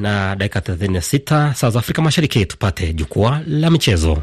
na dakika 36 saa za Afrika Mashariki, tupate jukwaa la michezo.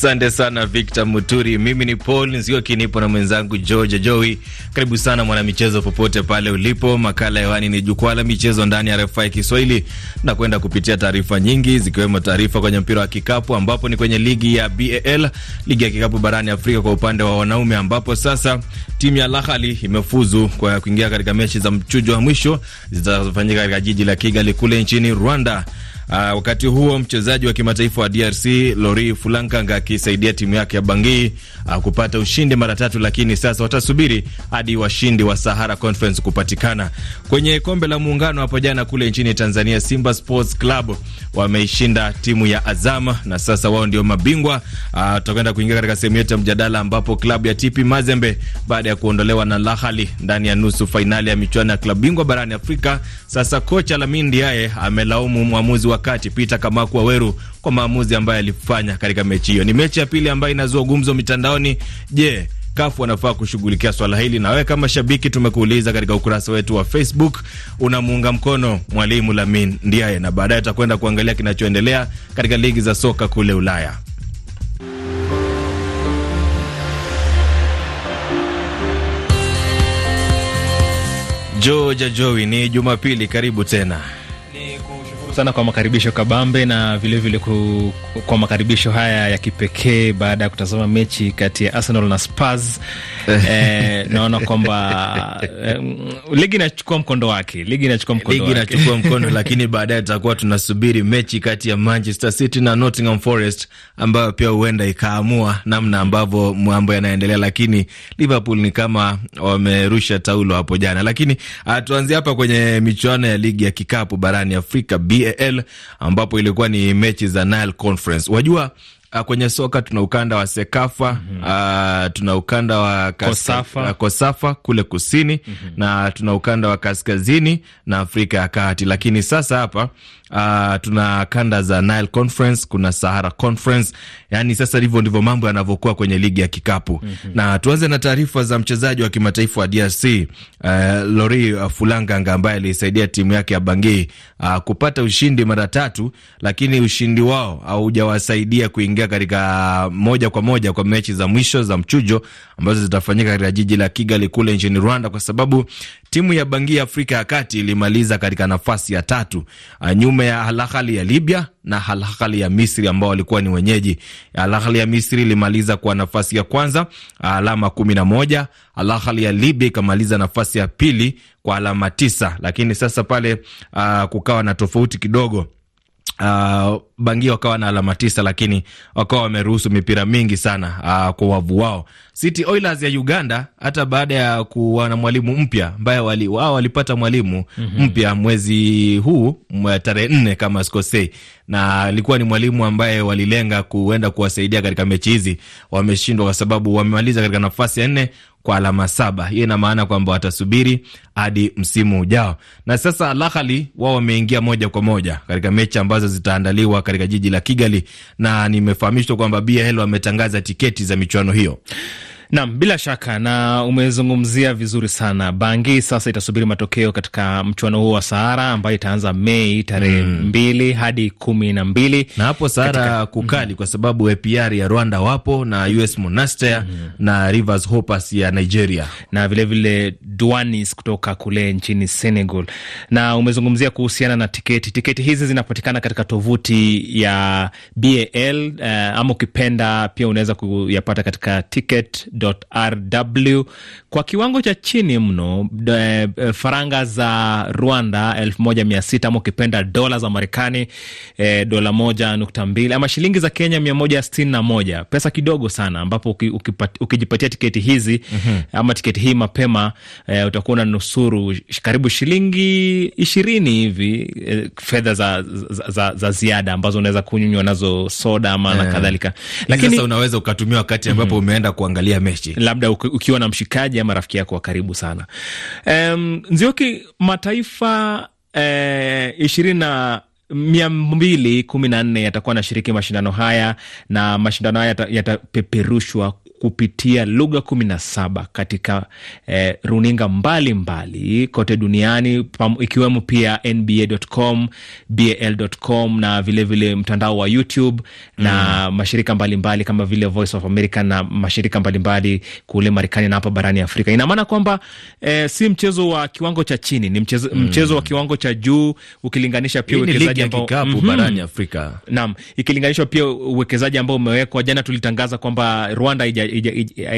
Asante sana Victor Muturi. Mimi ni Paul Nzioki, Kinipo na mwenzangu George Joey. Karibu sana mwanamichezo, popote pale ulipo. Makala hewani ni jukwaa la michezo ndani ya RFI Kiswahili na kwenda kupitia taarifa nyingi, zikiwemo taarifa kwenye mpira wa kikapu, ambapo ni kwenye ligi ya BAL, ligi ya kikapu barani Afrika kwa upande wa wanaume, ambapo sasa timu ya lahali imefuzu kwa kuingia katika mechi za mchujo wa mwisho zitazofanyika katika jiji la Kigali kule nchini Rwanda. Uh, wakati huo mchezaji wa kimataifa wa DRC Lori Fulankanga akisaidia timu yake ya Bangi uh, ah, kupata ushindi mara tatu, lakini sasa watasubiri hadi washindi wa Sahara Conference kupatikana. Kwenye kombe la muungano hapo jana kule nchini Tanzania, Simba Sports Club wameishinda timu ya Azam na sasa wao ndio mabingwa. Uh, tutakwenda kuingia katika sehemu yetu ya mjadala ambapo klabu ya TP Mazembe baada ya kuondolewa na Lahali ndani ya nusu fainali ya michuano ya klabu bingwa barani Afrika, sasa kocha Lamine Ndiaye amelaumu mwamuzi wa wakati Peter Kamaku Waweru kwa maamuzi ambayo alifanya katika mechi hiyo. Ni mechi ya pili ambayo inazua gumzo mitandaoni. Je, CAF wanafaa kushughulikia swala hili? Na wewe kama shabiki, tumekuuliza katika ukurasa wetu wa Facebook, unamuunga mkono mwalimu Lamin Ndiaye? Na baadaye tutakwenda kuangalia kinachoendelea katika ligi za soka kule Ulaya. Joja Jowi, ni Jumapili, karibu tena sana kwa makaribisho kabambe, na vilevile vile kwa makaribisho haya ya kipekee baada ya kutazama mechi kati ya Arsenal na Spurs. Eh, eh naona kwamba um, ligi inachukua mkondo wake, ligi inachukua mkondo ligi inachukua mkondo lakini baadaye tutakuwa tunasubiri mechi kati ya Manchester City na Nottingham Forest ambayo pia huenda ikaamua namna ambavyo mambo yanaendelea, lakini Liverpool ni kama wamerusha taulo hapo jana. Lakini ah, tuanzie hapa kwenye michuano ya ligi ya kikapu barani Afrika BA CAL ambapo ilikuwa ni mechi za Nile Conference. Wajua ah, kwenye soka tuna ukanda wa Sekafa mm -hmm. uh, tuna ukanda wa Kosafa, ah, Kosafa kule kusini mm -hmm. na tuna ukanda wa kaskazini na Afrika ya kati, lakini sasa hapa Uh, tuna kanda za Nile Conference, kuna Sahara Conference. Yani sasa hivyo ndivyo mambo yanavyokuwa kwenye ligi ya kikapu. mm -hmm. Na tuanze na taarifa za mchezaji wa kimataifa wa DRC uh, eh, Lori uh, Fulanganga ambaye aliisaidia timu yake ya Bangi uh, ah, kupata ushindi mara tatu, lakini ushindi wao haujawasaidia kuingia katika moja kwa moja kwa mechi za mwisho za mchujo ambazo zitafanyika katika jiji la Kigali kule nchini Rwanda kwa sababu Timu ya Bangi ya Afrika ya Kati ilimaliza katika nafasi ya tatu uh, nyuma ya Al Ahly ya Libya na Al Ahly ya Misri ambao walikuwa ni wenyeji. Al Ahly ya Misri ilimaliza kwa nafasi ya kwanza uh, alama kumi na moja. Al Ahly ya Libya ikamaliza nafasi ya pili kwa alama tisa, lakini sasa pale uh, kukawa na tofauti kidogo. Uh, Bangi wakawa na alama tisa, lakini wakawa wameruhusu mipira mingi sana uh, kwa wavu wao City Oilers ya Uganda hata baada ya kuwa na mwalimu mpya ambaye wali, wao walipata mwalimu mhm. mpya mm -hmm. mwezi huu tarehe nne kama sikosei, na alikuwa ni mwalimu ambaye walilenga kuenda kuwasaidia katika mechi hizi. Wameshindwa kwa sababu wamemaliza katika nafasi ya nne kwa alama saba. Hiyo ina maana kwamba watasubiri hadi msimu ujao, na sasa Al Ahly wao wameingia moja kwa moja katika mechi ambazo zitaandaliwa katika jiji la Kigali, na nimefahamishwa kwamba BAL wametangaza tiketi za michuano hiyo nam bila shaka, na umezungumzia vizuri sana. Bangi sasa itasubiri matokeo katika mchuano huo wa Sahara ambayo itaanza Mei tarehe mm. mbili hadi kumi na mbili na hapo Sahara katika... kukali mm -hmm. kwa sababu APR ya Rwanda wapo na US Monastir mm -hmm. na Rivers Hoopers ya Nigeria na vilevile vile Duanis kutoka kule nchini Senegal. Na umezungumzia kuhusiana na tiketi, tiketi hizi zinapatikana katika tovuti ya BAL uh, eh, ama ukipenda pia unaweza kuyapata katika ticket rw kwa kiwango cha chini mno de, e, faranga za Rwanda elfu moja mia sita ama ukipenda dola za Marekani e, dola moja nukta mbili ama shilingi za Kenya mia moja sitini na moja pesa kidogo sana, ambapo ukijipatia tiketi hizi mm -hmm. ama tiketi hii mapema e, utakuwa na nusuru karibu shilingi ishirini hivi e, fedha za, za, za, za ziada ambazo unaweza kunywa nazo soda ama yeah. na kadhalika, lakini sasa unaweza ukatumia wakati mhm. ambapo mm -hmm. umeenda kuangalia mechi labda ukiwa na mshikaji kutarajia marafiki yako wa karibu sana. Um, Nzioki, mataifa eh, ishirini eh, na mia mbili kumi na nne yatakuwa shiriki mashindano haya na mashindano haya yatapeperushwa kupitia lugha saba katika eh, runinga mbalimbali mbali kote duniani ikiwemo pia nba.com, bal.com na vilevile vile mtandao wa YouTube mm. na mashirika mbalimbali mbali kama vile Voice of America na mashirika mbalimbali mbali kule Marekani na hapa barani Afrika. Ina maana kwamba eh, si mchezo wa kiwango cha chini, ni mchezo, mm. mchezo wa kiwango cha juu ukilinganisha pia uwekezaji ambao kikapu mm -hmm. barani Afrika. Naam, ikilinganishwa pia uwekezaji ambao umewekwa. Jana tulitangaza kwamba Rwanda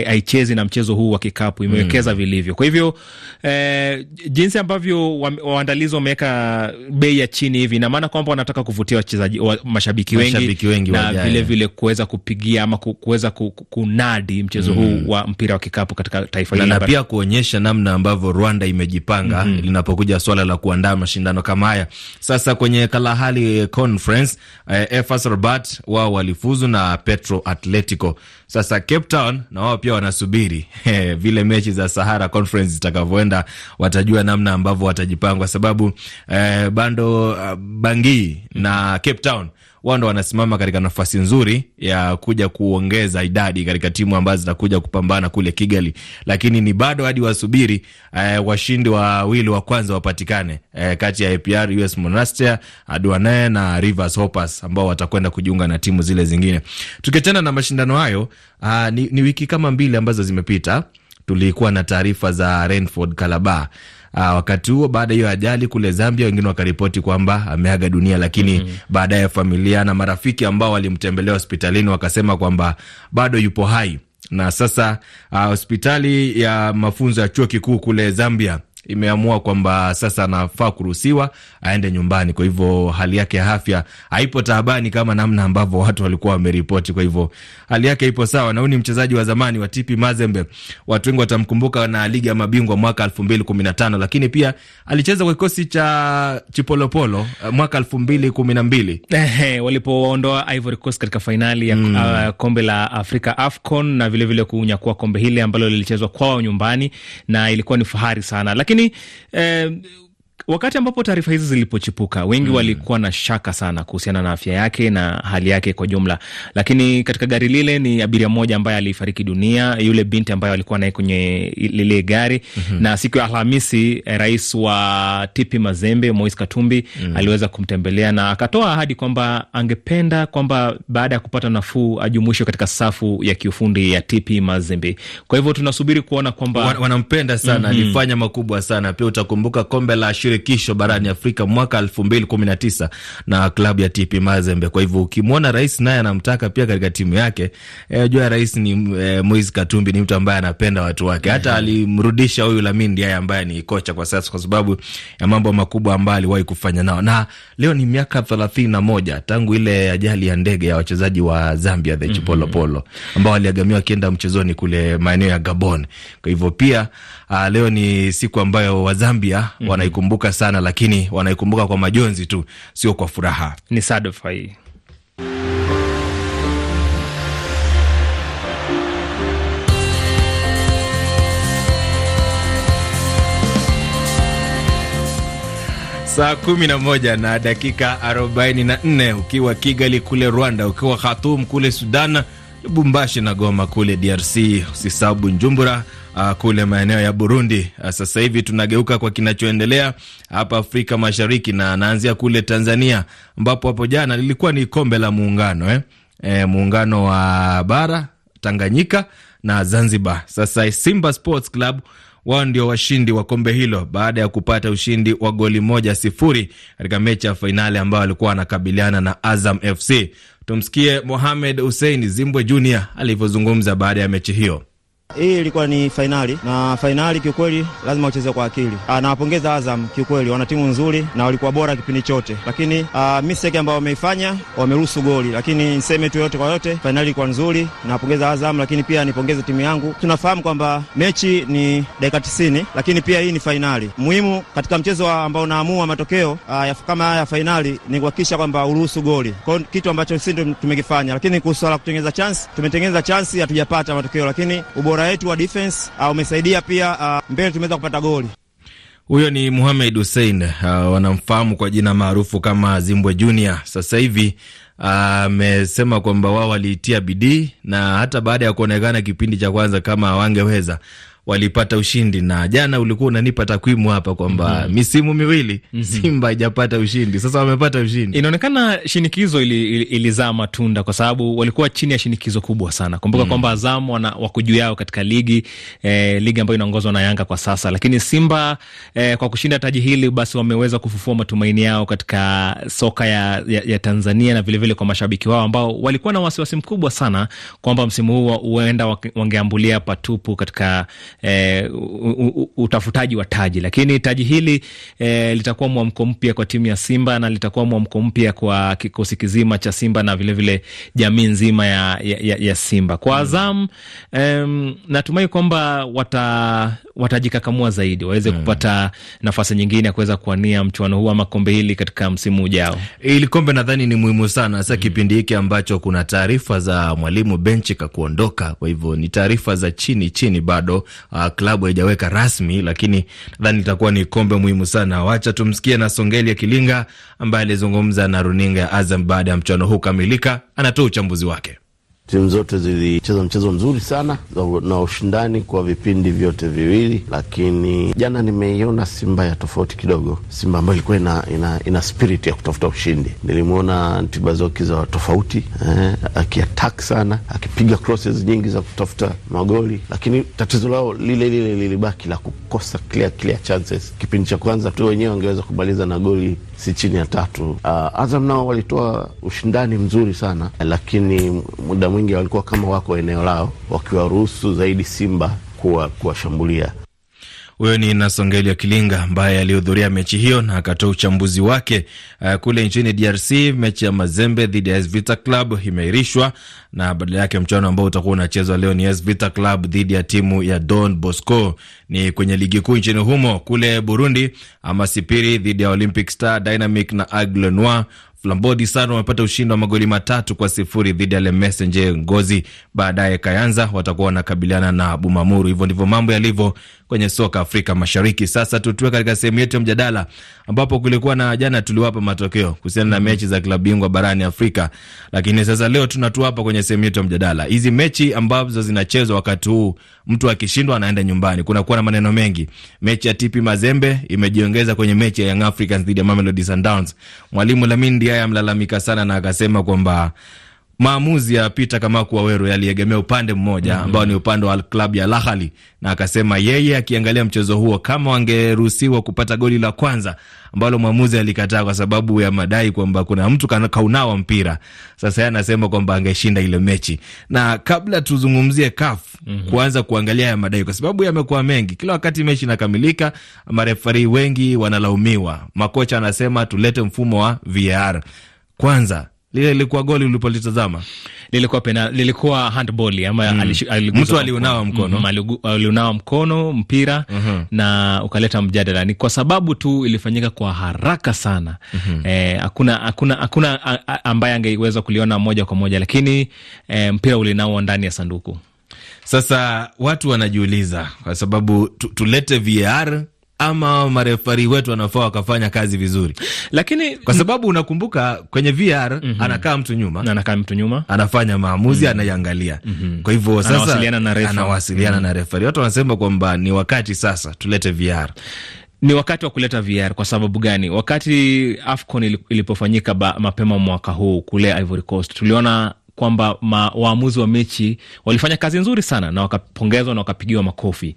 haichezi na mchezo huu wa kikapu, imewekeza mm. vilivyo. Kwa hivyo eh, jinsi ambavyo waandalizi wameweka bei ya chini hivi, ina maana kwamba wanataka kuvutia wachezaji wa, mashabiki, mashabiki wengi, wengi na vilevile kuweza kupigia ama kuweza kunadi mchezo mm. huu wa mpira wa kikapu katika taifa hili na pia kuonyesha namna ambavyo Rwanda imejipanga mm -hmm. linapokuja swala la kuandaa mashindano kama haya. Sasa kwenye Kalahari Conference eh, FAS Rabat wao walifuzu na Petro Atletico. Sasa Cape Leon na wao pia wanasubiri vile mechi za Sahara Conference zitakavyoenda, watajua namna ambavyo watajipanga, kwa sababu eh, bando uh, Bangui na Cape Town wao ndo wanasimama katika nafasi nzuri ya kuja kuongeza idadi katika timu ambazo zitakuja kupambana kule Kigali, lakini ni bado hadi wasubiri eh, washindi wawili wa kwanza wapatikane eh, kati ya APR US Monastir na Rivers Hoppers ambao watakwenda kujiunga na timu zile zingine. Tukiachana na mashindano hayo, uh, ni, ni wiki kama mbili ambazo zimepita tulikuwa na taarifa za renford Calabar uh, wakati huo baada hiyo ajali kule Zambia, wengine wakaripoti kwamba ameaga dunia, lakini mm -hmm. baadaye familia na marafiki ambao walimtembelea hospitalini wakasema kwamba bado yupo hai na sasa ah, hospitali ya mafunzo ya chuo kikuu kule Zambia imeamua kwamba sasa anafaa kuruhusiwa aende nyumbani. Kwa hivyo hali yake ya afya haipo taabani kama namna ambavyo watu walikuwa wameripoti. Kwa hivyo hali yake ipo sawa, na huyu ni mchezaji wa zamani wa TP Mazembe. Watu wengi watamkumbuka na ligi ya mabingwa mwaka elfu mbili kumi na tano lakini pia alicheza kwa kikosi cha Chipolopolo eh, mwaka elfu mbili kumi na mbili walipowaondoa Ivory Coast katika fainali ya mm. uh, kombe la Afrika AFCON na vilevile kunyakua kombe hili ambalo lilichezwa kwao nyumbani na ilikuwa ni fahari sana lakini McKinney. Wakati ambapo taarifa hizi zilipochipuka, wengi mm, walikuwa na shaka sana kuhusiana na afya yake na hali yake kwa jumla, lakini katika gari lile ni abiria mmoja ambaye alifariki dunia, yule binti ambaye alikuwa naye kwenye lile gari mm -hmm. Na siku ya Alhamisi, eh, rais wa Tipi Mazembe Mois Katumbi mm, aliweza kumtembelea na akatoa ahadi kwamba angependa kwamba baada ya kupata nafuu ajumuishwe katika safu ya kiufundi ya Tipi Mazembe. Kwa hivyo tunasubiri kuona kwamba wanampenda sana, mhm. alifanya mm -hmm. makubwa sana pia. Utakumbuka kombe la shirikisho barani Afrika mwaka elfu mbili kumi na tisa na klabu ya TP Mazembe. Kwa hivyo ukimwona rais naye anamtaka pia katika timu yake e, jua rais ni e, Moise Katumbi ni mtu ambaye anapenda watu wake. Hata mhm. alimrudisha huyu Lamine Diaye ambaye ni kocha kwa sasa, kwa sababu ya mambo makubwa ambayo aliwahi kufanya nao, na leo ni miaka thelathini na moja tangu ile ajali ya ndege ya wachezaji wa Zambia the mhm. Chipolopolo ambao waliagamiwa wakienda mchezoni kule maeneo ya Gabon. Kwa hivyo pia Uh, leo ni siku ambayo Wazambia mm -hmm. wanaikumbuka sana, lakini wanaikumbuka kwa majonzi tu, sio kwa furaha. Ni sadofa hii Saa kumi na moja na dakika arobaini na nne ukiwa Kigali kule Rwanda, ukiwa Khartoum kule Sudan, Lubumbashi na Goma kule DRC, usisabu Njumbura uh, kule maeneo ya Burundi. Uh, sasa hivi tunageuka kwa kinachoendelea hapa Afrika Mashariki na naanzia kule Tanzania ambapo hapo jana lilikuwa ni kombe la muungano eh? E, muungano wa bara Tanganyika na Zanzibar. Sasa Simba Sports Club wao ndio washindi wa kombe hilo baada ya kupata ushindi wa goli moja sifuri katika mechi ya fainali ambayo alikuwa wanakabiliana na Azam FC. Tumsikie Mohamed Hussein Zimbwe Junior alivyozungumza baada ya mechi hiyo. Hii ilikuwa ni fainali na fainali kiukweli lazima ucheze kwa akili. Ah, nawapongeza Azam kiukweli, wana timu nzuri na walikuwa bora kipindi chote, lakini ah, mistake ambayo wameifanya wameruhusu goli, lakini niseme tu yote kwa yote, fainali ilikuwa nzuri. Nawapongeza Azam, lakini pia nipongeze timu yangu. Tunafahamu kwamba mechi ni dakika tisini, lakini pia hii ni fainali muhimu katika mchezo ambao unaamua matokeo ah, kama haya ya fainali, ni kuhakikisha kwamba uruhusu goli, kwa kitu ambacho sisi tumekifanya. Lakini kuhusu swala kutengeneza chansi, tumetengeneza chansi, hatujapata matokeo, lakini ubora ubora wetu wa defense ah, umesaidia pia, uh, mbele tumeweza kupata goli. Huyo ni muhamed Hussein, uh, wanamfahamu kwa jina maarufu kama Zimbwe Junior. Sasa hivi amesema uh, kwamba wao waliitia bidii na hata baada ya kuonekana kipindi cha kwanza kama wangeweza walipata ushindi, na jana ulikuwa unanipa takwimu hapa kwamba mm -hmm. misimu miwili mm -hmm. Simba haijapata ushindi, sasa wamepata ushindi. Inaonekana shinikizo ilizaa ili, ili, matunda kwa sababu walikuwa chini ya shinikizo kubwa sana. Kumbuka mm -hmm. kwamba Azam wako juu yao katika ligi eh, ligi ambayo inaongozwa na Yanga kwa sasa, lakini Simba eh, kwa kushinda taji hili basi wameweza kufufua matumaini yao katika soka ya, ya, ya Tanzania na vilevile vile kwa mashabiki wao ambao walikuwa na wasiwasi mkubwa sana kwamba msimu huu huenda wangeambulia patupu katika e, utafutaji wa taji, lakini taji hili e, litakuwa mwamko mpya kwa timu ya Simba na litakuwa mwamko mpya kwa kikosi kizima cha Simba na vilevile vile jamii nzima ya, ya, ya ya Simba. Kwa hmm. Azam mm. em, natumai kwamba wata watajikakamua zaidi waweze hmm. kupata nafasi nyingine ya kuweza kuwania mchuano huu ama kombe hili katika msimu ujao. Ili kombe nadhani ni muhimu sana hasa hmm. kipindi hiki ambacho kuna taarifa za mwalimu benchi kakuondoka, kwa hivyo ni taarifa za chini chini bado uh, klabu haijaweka rasmi, lakini nadhani itakuwa ni kombe muhimu sana. Wacha tumsikie na Songeli ya Kilinga ambaye alizungumza na runinga ya Azam baada ya mchuano huu kamilika, anatoa uchambuzi wake. Timu zote zilicheza mchezo mzuri sana na ushindani kwa vipindi vyote viwili, lakini jana nimeiona Simba ya tofauti kidogo. Simba ambayo ilikuwa ina, ina, ina spirit ya kutafuta ushindi. Nilimwona Ntibazoki za tofauti eh, akiatak sana akipiga crosses nyingi za kutafuta magoli, lakini tatizo lao lile lile lilibaki la kukosa clear, clear chances. Kipindi cha kwanza tu wenyewe wangeweza kumaliza na goli si chini ya tatu. Uh, Azam nao walitoa ushindani mzuri sana, lakini muda mwingi walikuwa kama wako eneo lao, wakiwaruhusu zaidi Simba kuwashambulia kuwa huyo ni Nasongeli ya Kilinga ambaye alihudhuria mechi hiyo na akatoa uchambuzi wake. Uh, kule nchini DRC mechi ya Mazembe dhidi ya Svita Club imeahirishwa na badala yake mchuano ambao utakuwa unachezwa leo ni Svita Club dhidi ya timu ya Don Bosco. Ni kwenye ligi kuu nchini humo. Kule Burundi, Amasipiri dhidi ya Olympic Star Dynamic na Aigle Noir Flambodi Sano wamepata ushindi wa magoli matatu kwa sifuri dhidi ya Messenger Ngozi. Baadaye Kayanza watakuwa wanakabiliana na Bumamuru. Hivyo ndivyo mambo yalivyo kwenye soka Afrika Mashariki. Sasa tutue katika sehemu yetu ya mjadala, ambapo kulikuwa na jana tuliwapa matokeo kuhusiana na mechi za klabu bingwa barani Afrika, lakini sasa leo tunatuapa kwenye sehemu yetu ya mjadala hizi mechi ambazo zinachezwa wakati huu mtu akishindwa anaenda nyumbani. Kunakuwa na maneno mengi. Mechi ya TP Mazembe imejiongeza kwenye mechi ya Young Africans dhidi ya Mamelodi Sundowns. Mwalimu Lamine Ndiaye amlalamika sana na akasema kwamba maamuzi ya Peter Kamaku Waweru yaliegemea upande mmoja mm-hmm. ambao mm -hmm. ni upande wa klabu ya Lahali, na akasema yeye akiangalia mchezo huo, kama wangeruhusiwa kupata goli la kwanza ambalo mwamuzi alikataa kwa sababu ya madai kwamba kuna mtu kaunawa mpira. Sasa yeye anasema kwamba angeshinda ile mechi, na kabla tuzungumzie CAF mm -hmm. kuanza kuangalia ya madai, kwa sababu yamekuwa mengi, kila wakati mechi inakamilika, marefari wengi wanalaumiwa, makocha anasema tulete mfumo wa VAR kwanza lile lilikuwa goli ulipolitazama? Lilikuwa pena, lilikuwa handball ama mm. Mtu aliunawa mkono mm, aliunawa mkono mpira mm -hmm. na ukaleta mjadala, ni kwa sababu tu ilifanyika kwa haraka sana mm -hmm. eh, hakuna ambaye angeweza kuliona moja kwa moja, lakini eh, mpira ulinao ndani ya sanduku. Sasa watu wanajiuliza kwa sababu tulete VAR ama marefari wetu wanafaa wakafanya kazi vizuri, lakini kwa sababu unakumbuka kwenye VR mm -hmm. anakaa mtu nyuma, anakaa mtu nyuma, anafanya maamuzi mm -hmm. anaiangalia mm -hmm. kwa hivyo sasa anawasiliana na refari, anawasiliana mm -hmm. na refari. Watu wanasema kwamba ni wakati sasa tulete VR ni wakati wa kuleta VR. Kwa sababu gani? Wakati AFCON ilipofanyika ba, mapema mwaka huu kule Ivory Coast, tuliona kwamba waamuzi wa mechi walifanya kazi nzuri sana na wakapongezwa na wakapigiwa makofi.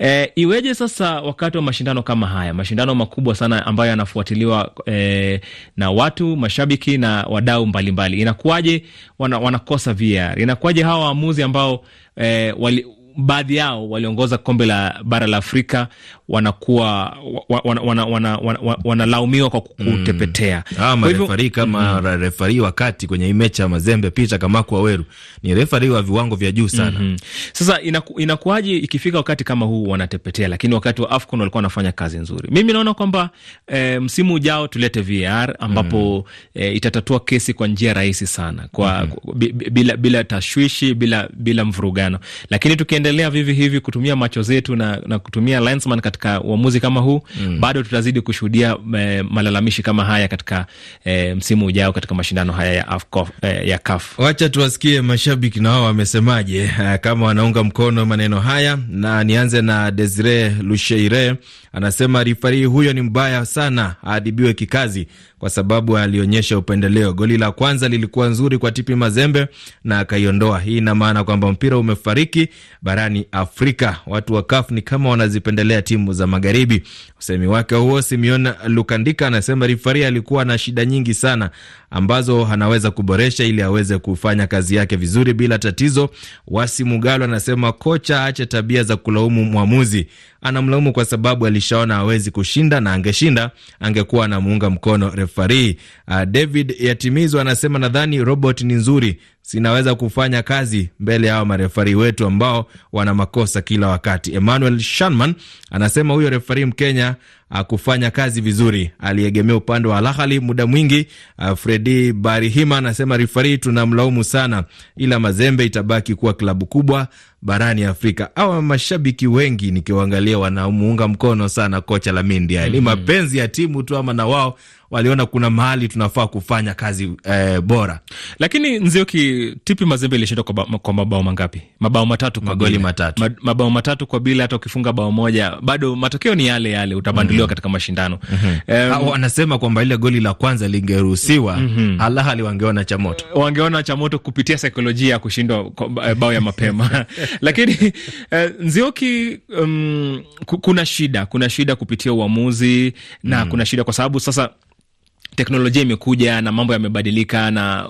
E, iweje sasa wakati wa mashindano kama haya, mashindano makubwa sana ambayo yanafuatiliwa e, na watu mashabiki na wadau mbalimbali, inakuwaje wana, wanakosa VAR? Inakuwaje hawa waamuzi ambao e, wali, baadhi yao waliongoza kombe la bara la Afrika wanakuwa wanalaumiwa wana, wana, wana wana kwa mm. kutepetea ah, mm. Refari kama mm. refari wakati kwenye hii mechi ya Mazembe Peter Kamaku Aweru ni refari wa viwango vya juu sana mm -hmm. Sasa inaku, inakuwaje ikifika wakati kama huu wanatepetea, lakini wakati wa AFCON walikuwa wanafanya kazi nzuri. Mimi naona kwamba e, msimu ujao tulete VAR ambapo mm. e, itatatua kesi kwa njia rahisi sana kwa, mm -hmm. bila, bila tashwishi bila, bila mvurugano, lakini tukiendelea vivi hivi kutumia macho zetu na, na kutumia linesman katika katika uamuzi kama huu mm. Bado tutazidi kushuhudia e, malalamishi kama haya katika e, msimu ujao katika mashindano haya ya afko, e, eh, ya CAF. Wacha tuwasikie mashabiki na wao wamesemaje, kama wanaunga mkono maneno haya, na nianze na Desire Lusheire, anasema rifari huyo ni mbaya sana, aadibiwe kikazi kwa sababu alionyesha upendeleo. Goli la kwanza lilikuwa nzuri kwa Tipi Mazembe na akaiondoa. Hii ina maana kwamba mpira umefariki barani Afrika. Watu wa CAF ni kama wanazipendelea timu za magharibi. Usemi wake huo Simeon Lukandika anasema rifari alikuwa na shida nyingi sana ambazo anaweza kuboresha ili aweze kufanya kazi yake vizuri bila tatizo. Wasi Mugalo anasema kocha aache tabia za kulaumu mwamuzi. Anamlaumu kwa sababu alishaona hawezi kushinda na angeshinda angekuwa anamuunga mkono refarii. Uh, ah, David Yatimizwa anasema nadhani robot ni nzuri, zinaweza kufanya kazi mbele ya marefari wetu ambao wana makosa kila wakati. Emmanuel Shanman anasema huyo refari Mkenya akufanya kazi vizuri, aliegemea upande wa Lahali muda mwingi. Ah, Fredi Barihima anasema refari tunamlaumu sana, ila Mazembe itabaki kuwa klabu kubwa barani Afrika. Awa mashabiki wengi nikiwaangalia wanamuunga mkono sana kocha Lamine Yamal. Ni mhm. mapenzi ya timu tu, ama na wao waliona kuna mahali tunafaa kufanya kazi eh, bora. Lakini Nzioki tipi Mazembe ilishinda kwa, kwa mabao mangapi? Mabao matatu kwa matatu. Ma, mabao matatu kwa bila, hata ukifunga bao moja bado matokeo ni yale yale, utabanduliwa mm -hmm. katika mashindano mm -hmm. um, wanasema kwamba ile goli la kwanza lingeruhusiwa mm -hmm. alahali wangeona cha moto, wangeona cha moto kupitia saikolojia ya kushindwa eh, bao ya mapema lakini uh, Nzioki um, kuna shida, kuna shida kupitia uamuzi na mm -hmm. kuna shida kwa sababu sasa teknolojia imekuja na mambo yamebadilika, na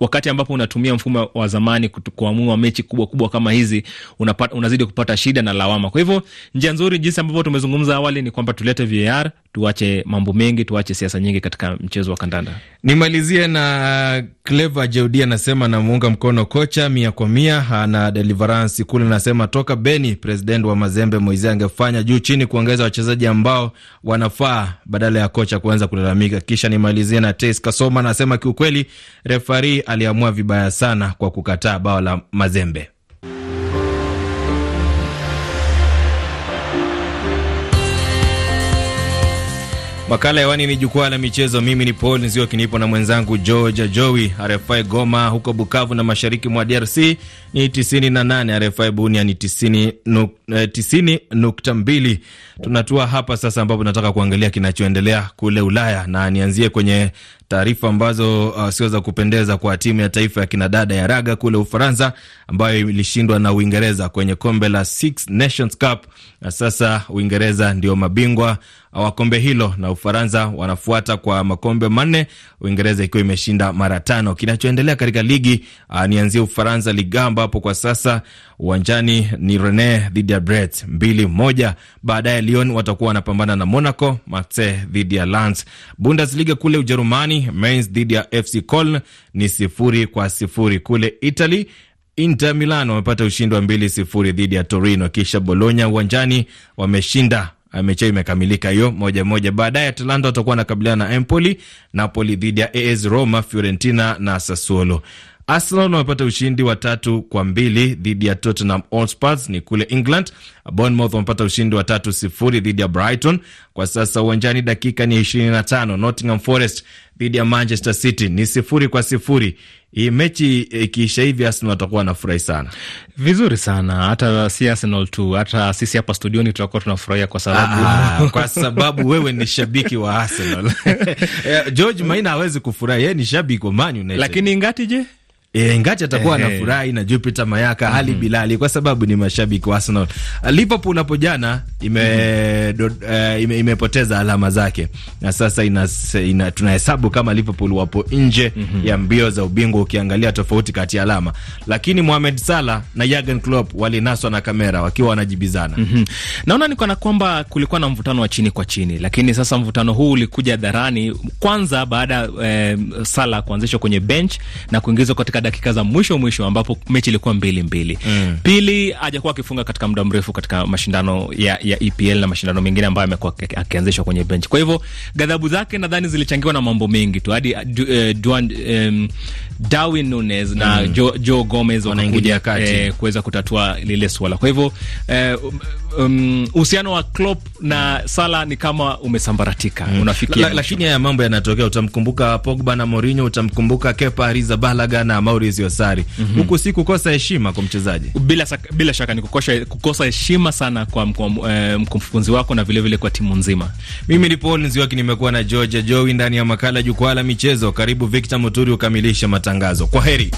wakati ambapo unatumia mfumo wa zamani kuamua mechi kubwa kubwa kama hizi unapata, unazidi kupata shida na lawama. Kwa hivyo njia nzuri, jinsi ambavyo tumezungumza awali, ni kwamba tulete VAR tuache mambo mengi, tuache siasa nyingi katika mchezo wa kandanda. Nimalizie na Clever Jeudi anasema namuunga mkono kocha mia kwa mia. Na Deliverance Kule anasema toka Beni, president wa Mazembe Moise angefanya juu chini kuongeza wachezaji ambao wanafaa badala ya kocha kuanza kulalamika. Kisha nimalizie na Tes Kasoma anasema kiukweli refari aliamua vibaya sana kwa kukataa bao la Mazembe. Makala hewani ni jukwaa la michezo. Mimi ni Paul Nzioki, nipo na mwenzangu Georgia Jowi, RFI Goma huko Bukavu na mashariki mwa DRC ni 98, RFI Bunia ni 90.2. Eh, Tunatua hapa sasa, ambapo nataka kuangalia kinachoendelea kule Ulaya na nianzie kwenye taarifa ambazo uh, sio za kupendeza kwa timu ya taifa ya kinadada ya raga kule Ufaransa ambayo ilishindwa na Uingereza kwenye kombe la Six Nations Cup, na sasa Uingereza ndio mabingwa wa kombe hilo na Ufaransa wanafuata kwa makombe manne, Uingereza ikiwa imeshinda mara tano. Kinachoendelea katika ligi uh, nianzie Ufaransa ligamba ambapo kwa sasa uwanjani ni Rene dhidi ya Brest mbili moja. Baadaye Lyon watakuwa wanapambana na Monaco, Marseille dhidi ya Lens. Bundesliga kule Ujerumani, Mainz dhidi ya FC Cologne ni sifuri kwa sifuri. Kule Italy Inter Milan wamepata ushindi wa mbili sifuri dhidi ya Torino, kisha Bologna uwanjani wameshinda eh, mechi imekamilika hiyo moja moja. Baadaye Atalanta watakuwa wanakabiliana na Empoli, Napoli dhidi ya AS Roma, Fiorentina na Sassuolo. Arsenal wamepata ushindi wa tatu kwa mbili dhidi ya Tottenham Hotspur ni kule England. Bournemouth wamepata ushindi wa tatu sifuri dhidi ya Brighton. Kwa sasa uwanjani dakika ni 25. Nottingham Forest dhidi ya Manchester City ni sifuri kwa sifuri. Hii mechi ikiisha hivi Arsenal watakuwa wanafurahi sana, vizuri sana. Hata si Arsenal tu, hata sisi hapa studioni tutakuwa tunafurahia kwa sababu Aa, ah, ah, ah. kwa sababu wewe ni shabiki wa Arsenal eh, George Maina hawezi kufurahi, yeye ni shabiki wa Man United. Lakini Ngati je? E, eh, ingati atakuwa anafurahi na Jupiter Mayaka mm -hmm. hali bilali kwa sababu ni mashabiki wa Arsenal. Uh, Liverpool hapo jana ime, mm -hmm. uh, ime, imepoteza alama zake na sasa ina, ina, tunahesabu kama Liverpool wapo nje mm -hmm. ya mbio za ubingwa ukiangalia tofauti kati ya alama, lakini Mohamed Salah na Jurgen Klopp walinaswa na kamera wakiwa wanajibizana mm -hmm. Naona ni kana kwamba kulikuwa na mvutano wa chini kwa chini, lakini sasa mvutano huu ulikuja dharani kwanza baada ya eh, Salah kuanzishwa kwenye bench na kuingizwa katika dakika za mwisho mwisho ambapo mechi ilikuwa mbili mbili. Mm. Pili hajakuwa akifunga katika muda mrefu katika mashindano ya, ya EPL na mashindano mengine ambayo amekuwa akianzishwa kwenye bench. Kwa hivyo ghadhabu zake nadhani zilichangiwa na mambo mengi tu hadi uh, du, eh, Darwin Nunes na mm. Joe, Joe Gomez kati eh, kuweza kutatua lile swala. Kwa hivyo eh, Um, uhusiano um, wa Klopp na sala ni kama umesambaratika mm. Unafikia la, lakini haya mambo yanatokea. Utamkumbuka Pogba na Mourinho, utamkumbuka Kepa Arrizabalaga na Maurizio Sarri mm huku -hmm. si kukosa heshima kwa mchezaji bila, bila shaka ni kukosa, kukosa heshima sana kwa eh, mkufunzi wako na vilevile vile kwa timu nzima. Mimi ni Paul Nzioki, nimekuwa na Georgia Jowi ndani ya makala Jukwaa la Michezo. Karibu Victor Muturi ukamilishe matangazo. Kwa heri.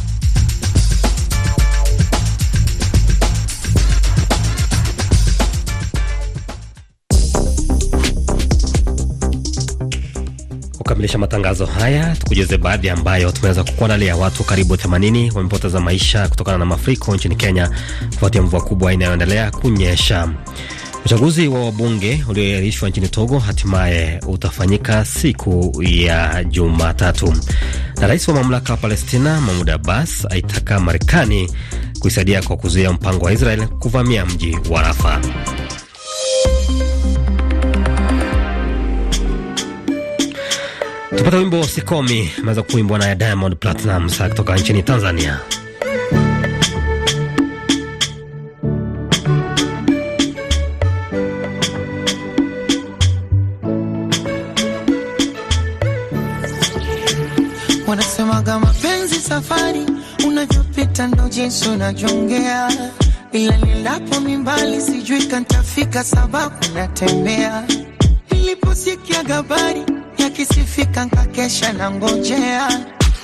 kukamilisha matangazo haya, tukujeze baadhi ambayo tumeweza kukuandalia. Watu karibu 80 wamepoteza maisha kutokana na mafuriko nchini Kenya kufuatia mvua kubwa inayoendelea kunyesha. Uchaguzi wa wabunge ulioahirishwa nchini Togo hatimaye utafanyika siku ya Jumatatu, na rais wa mamlaka wa Palestina Mahmud Abbas aitaka Marekani kuisaidia kwa kuzuia mpango wa Israel kuvamia mji wa Rafa. Tupata wimbo Sikomi, maweza kuimbwa na Diamond Platnumz kutoka nchini Tanzania. Wanasemaga mapenzi safari, unavyopita ndo jinsi unajongea, ila nilapo mimbali sijui kantafika, sababu natembea niliposikia gabari kisifika nkakesha na ngojea,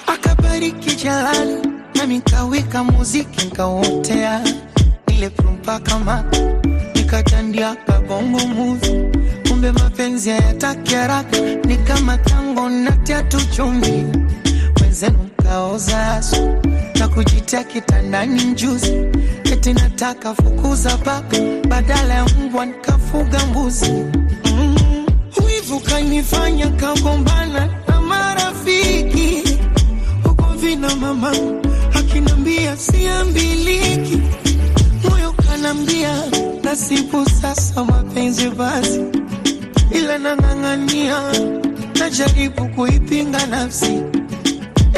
akabariki jalali nami nkawika muziki nkawotea, ile prumpaka kama nikatandia kabongo muzi, kumbe mapenzi hayataki haraka, ni kama tango na tu chumbi mwenzenu mkaoza asu na kujitia kitandani njuzi, eti nataka fukuza paka badala ya mbwa nikafuga mbuzi mm ukanifanya kagombana na marafiki huko na mama akinambia siambiliki, moyo kanambia nasibu sasa mapenzi basi, ila nang'ang'ania, najaribu kuipinga nafsi.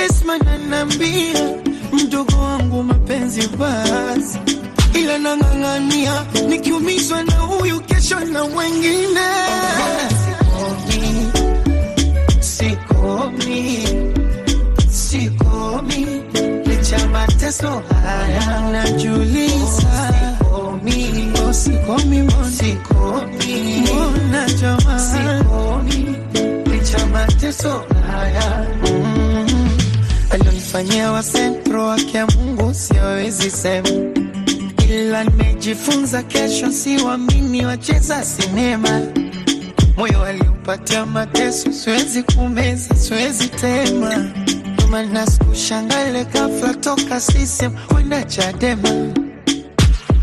Esma nanambia mdogo wangu mapenzi basi, ila nang'ang'ania, nikiumizwa na huyu kesho na wengine sikomi, sikomi, licha mateso haya najuliza, sikomi, sikomi, sikomi, mbona mm-hmm. alionifanyia wa sentro wake ya Mungu siwezi sema, ila nimejifunza kesho siwamini wacheza sinema moyo aliupatia mateso, siwezi kumeza, siwezi tema manaskushangale ghafla toka sisem kwenda Chadema,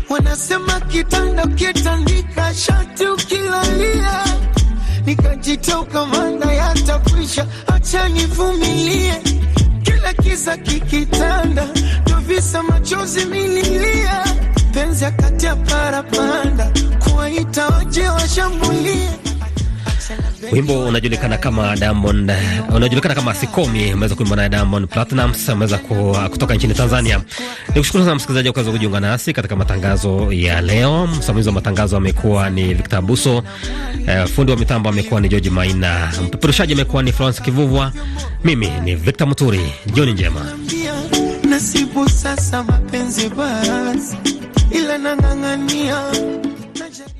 wanasema kitanda kitandika shati ukilalia, nikajitoka mana yatakwisha, acha nivumilie, kila kisa kikitanda tovisa machozi mililia, penzi akatia parapanda kuwaita waje washambulie Wimbo unajulikana kama Diamond, uh, unajulikana kama Sikomi, umeweza kuimba na Diamond Platnumz, umeweza uh, kutoka nchini Tanzania. Nikushukuru sana msikilizaji kwa kujiunga nasi katika matangazo ya leo. Msimamizi wa matangazo amekuwa ni Victor Buso, uh, fundi wa mitambo amekuwa ni George Maina, mpeperushaji amekuwa ni Florence Kivuvwa, mimi ni Victor Muturi. Jioni njema. Nasibu sasa mapenzi basi, ila nang'ang'ania